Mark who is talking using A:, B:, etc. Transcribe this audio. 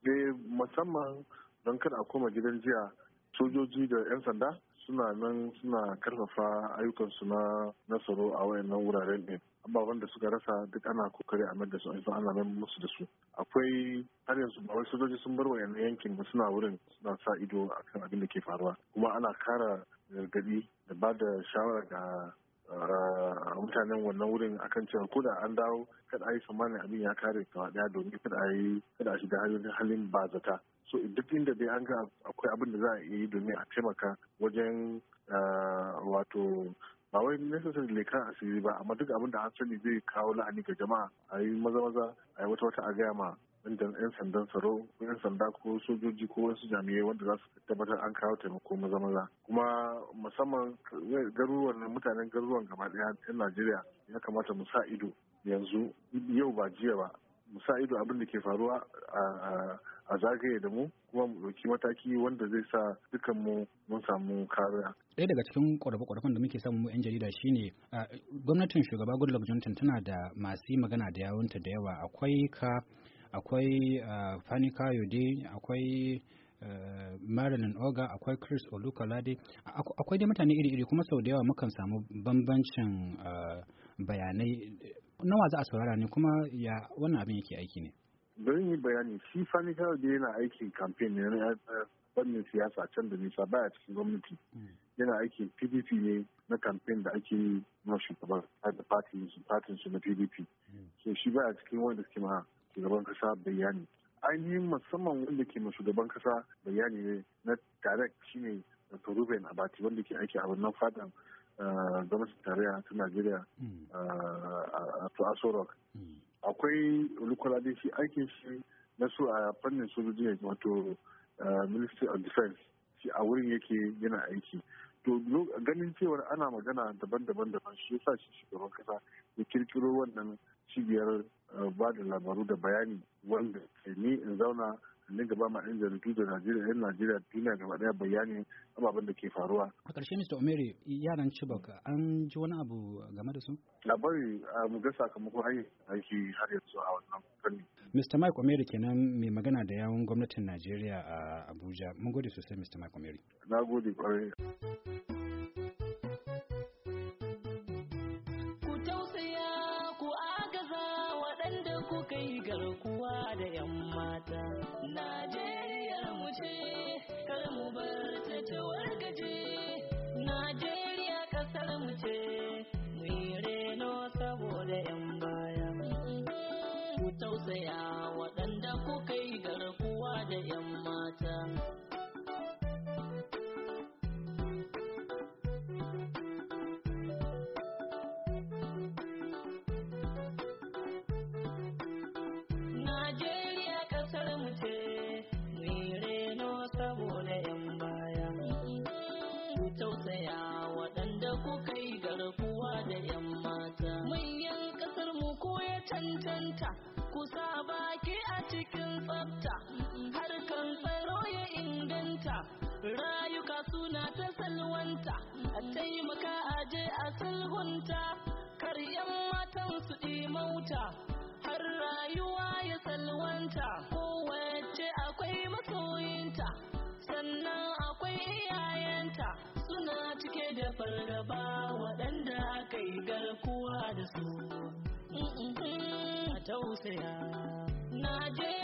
A: dai musamman don kada a koma gidan jiya sojoji da 'yan sanda suna nan suna karfafa ayyukansu na nasaro a wayannan wuraren ne Amma wanda suka rasa duk ana kokari a da su an ana mai musu da su akwai har yanzu ba wai sojoji sun bar wayannan yankin ba suna wurin suna sa ido akan abin da ke faruwa kuma ana kara gargadi da ba da shawara ga Ah, mutanen wannan wurin akan cewa ko da an dawo kada a yi tsammanin abin ya kare gaba daya domin kada a yi kada a shiga halin bazata so duk inda dai an ga akwai abin da za a yi domin a taimaka wajen ah, wato ba wai necessary lekan asiri ba amma duk abin da an sani zai kawo la'ani ga jama'a a yi maza maza a yi wata wata a gaya ma 'yan sandan tsaro ko 'yan sanda ko sojoji ko wasu jami'ai wanda za su tabbatar an kawo taimako maza maza kuma musamman garuruwan mutanen garuruwan gaba daya 'yan najeriya ya kamata mu sa ido yanzu yau ba jiya ba mu sa ido abin da ke faruwa a zagaye da mu kuma mu ɗauki mataki wanda zai sa dukan mu mun samu kariya.
B: Ɗaya daga cikin ƙorafe-ƙorafen da muke samu mu 'yan jarida shine gwamnatin shugaba Goodluck Jonathan tana da masu magana da yawunta da yawa akwai ka akwai ah, fani kayode akwai eh, marilyn oga akwai chris olukolade akwai dai mutane iri-iri kuma sau da yawa mukan samu bambancin ah, bayanai nawa za a saurara ne kuma ya wannan abin yake aiki ne
A: bari yi bayani shi fani da yana aikin campaign ne na wannan eh, siyasa can da nisa baya cikin gwamnati hmm. yana aikin pdp ne na campaign da ake yi na shugaban eh, da fatin su na pdp hmm. so shi baya cikin wanda suke ma shugaban kasa bayani ainihin musamman wanda ke ma shugaban kasa bayani ne na direct shine dr ruben abati wanda ke aiki a wannan fadan eh, gwamnatin tarayya ta najeriya hmm. eh, a aso rock hmm. akwai olukolade shi aikin shi na su a fannin sojoji ne wato eh, ministry of defense shi a wurin yake yana aiki to ganin cewa ana magana daban-daban daban shi yasa shi shugaban kasa ya kirkiro wannan cibiyar ba da labaru da bayani wanda ke ni in zauna ne dinga ma yan jaridu da Najeriya yan Najeriya duniya gaba daya bayani ababen da ke faruwa.
B: A ƙarshe Mr. Omeri yaran Chibok an ji wani abu game da su?
A: Labari ah, mu ga sakamakon hanyar aiki har yanzu a wannan fanni.
B: Mr. Mike Omeri kenan mai magana da yawun gwamnatin Najeriya a Abuja. Mun gode sosai Mr. Mike Omeri.
A: Na gode kwarai.
C: garkuwa da 'yan mata. Najeriya mu ce, kar mu bar ta ta wargaje. Najeriya kasar mu ce, mu yi reno saboda 'yan baya. Ku tausaya mata manyan kasar mu ko ya cancanta kusa baki a cikin tsafta kan tsaro ya inganta rayuka suna ta salwanta a taimaka a je a sulhunta kar yan matan su mauta har rayuwa ya salwanta kowace akwai masoyinta sannan akwai iyayenta suna cike da fargaba kowa da su. Na tausaya.